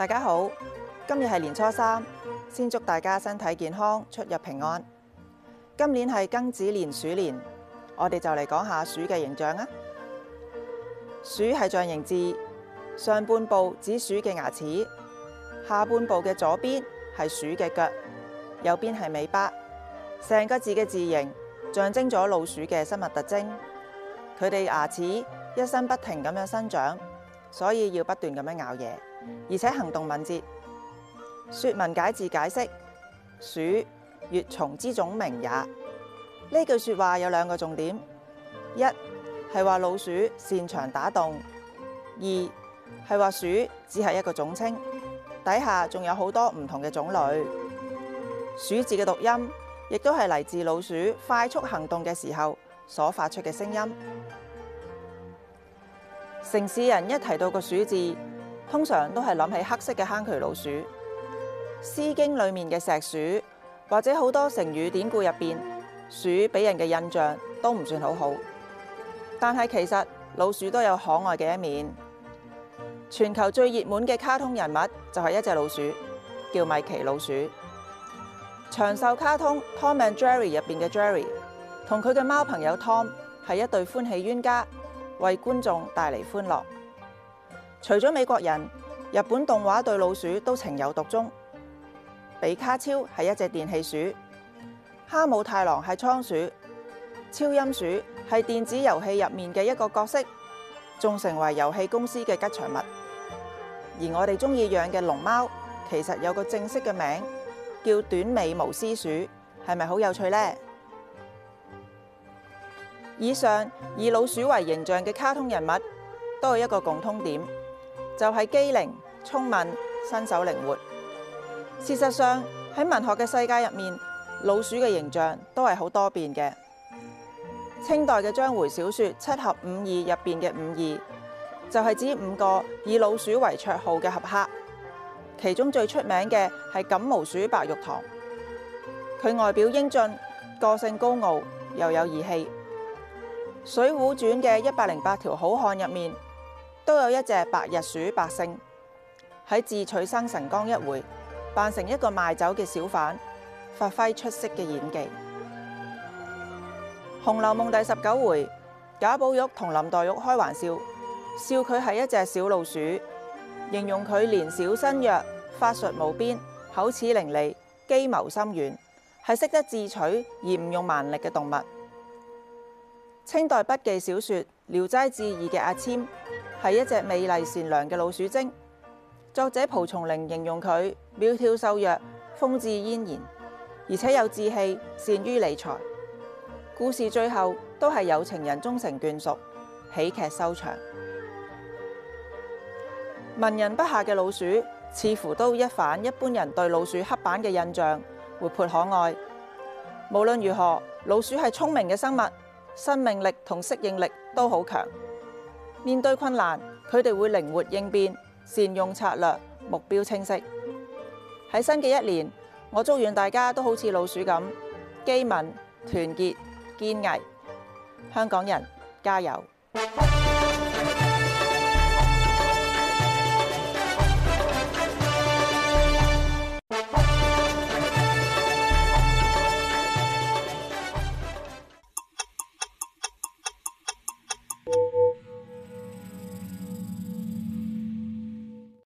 大家好，今日係年初三，先祝大家身體健康，出入平安。今年係庚子年鼠年，我哋就嚟講下鼠嘅形象啊。鼠係象形字，上半部指鼠嘅牙齒，下半部嘅左邊係鼠嘅腳，右邊係尾巴。成個字嘅字形象徵咗老鼠嘅生物特徵。佢哋牙齒一生不停咁樣生長，所以要不斷咁樣咬嘢。而且行動敏捷，說文解字解釋鼠，穴蟲之總名也。呢句說話有兩個重點：一係話老鼠擅長打洞；二係話鼠只係一個總稱，底下仲有好多唔同嘅種類。鼠字嘅讀音，亦都係嚟自老鼠快速行動嘅時候所發出嘅聲音。城市人一提到個鼠字，通常都係諗起黑色嘅坑渠老鼠，《詩經》裏面嘅碩鼠，或者好多成語典故入面，鼠俾人嘅印象都唔算好好。但係其實老鼠都有可愛嘅一面。全球最熱門嘅卡通人物就係一隻老鼠，叫米奇老鼠。長壽卡通《Tom and Jerry》入面嘅 Jerry，同佢嘅貓朋友 Tom 係一對歡喜冤家，為觀眾帶嚟歡樂。除咗美國人，日本動畫對老鼠都情有獨鍾。比卡超係一隻電器鼠，哈姆太郎係倉鼠，超音鼠係電子遊戲入面嘅一個角色，仲成為遊戲公司嘅吉祥物。而我哋中意養嘅龍貓，其實有個正式嘅名叫短尾無絲鼠，係咪好有趣呢？以上以老鼠為形象嘅卡通人物，都有一個共通點。就係機靈、聰明、身手靈活。事實上喺文學嘅世界入面，老鼠嘅形象都係好多變嘅。清代嘅章回小說《七俠五義》入邊嘅五義，就係、是、指五個以老鼠為綽號嘅俠客，其中最出名嘅係錦毛鼠白玉堂，佢外表英俊，個性高傲，又有義氣。《水滸傳》嘅一百零八條好漢入面。都有一隻白日鼠百姓，喺智取生辰綱一回，扮成一個賣酒嘅小販，發揮出色嘅演技。《紅樓夢》第十九回，賈寶玉同林黛玉開玩笑，笑佢係一隻小老鼠，形容佢年少身弱，法術無邊，口齒伶俐，機謀深遠，係識得智取而唔用蠻力嘅動物。清代筆記小說《聊齋誌異》嘅阿簽。係一隻美麗善良嘅老鼠精。作者蒲松齡形容佢苗條瘦弱，風致嫣然，而且有志氣、善於理財。故事最後都係有情人終成眷屬，喜劇收場。文人筆下嘅老鼠，似乎都一反一般人對老鼠刻板嘅印象，活潑可愛。無論如何，老鼠係聰明嘅生物，生命力同適應力都好強。面對困難，佢哋會靈活應變，善用策略，目標清晰。喺新嘅一年，我祝願大家都好似老鼠咁機敏、團結、堅毅。香港人，加油！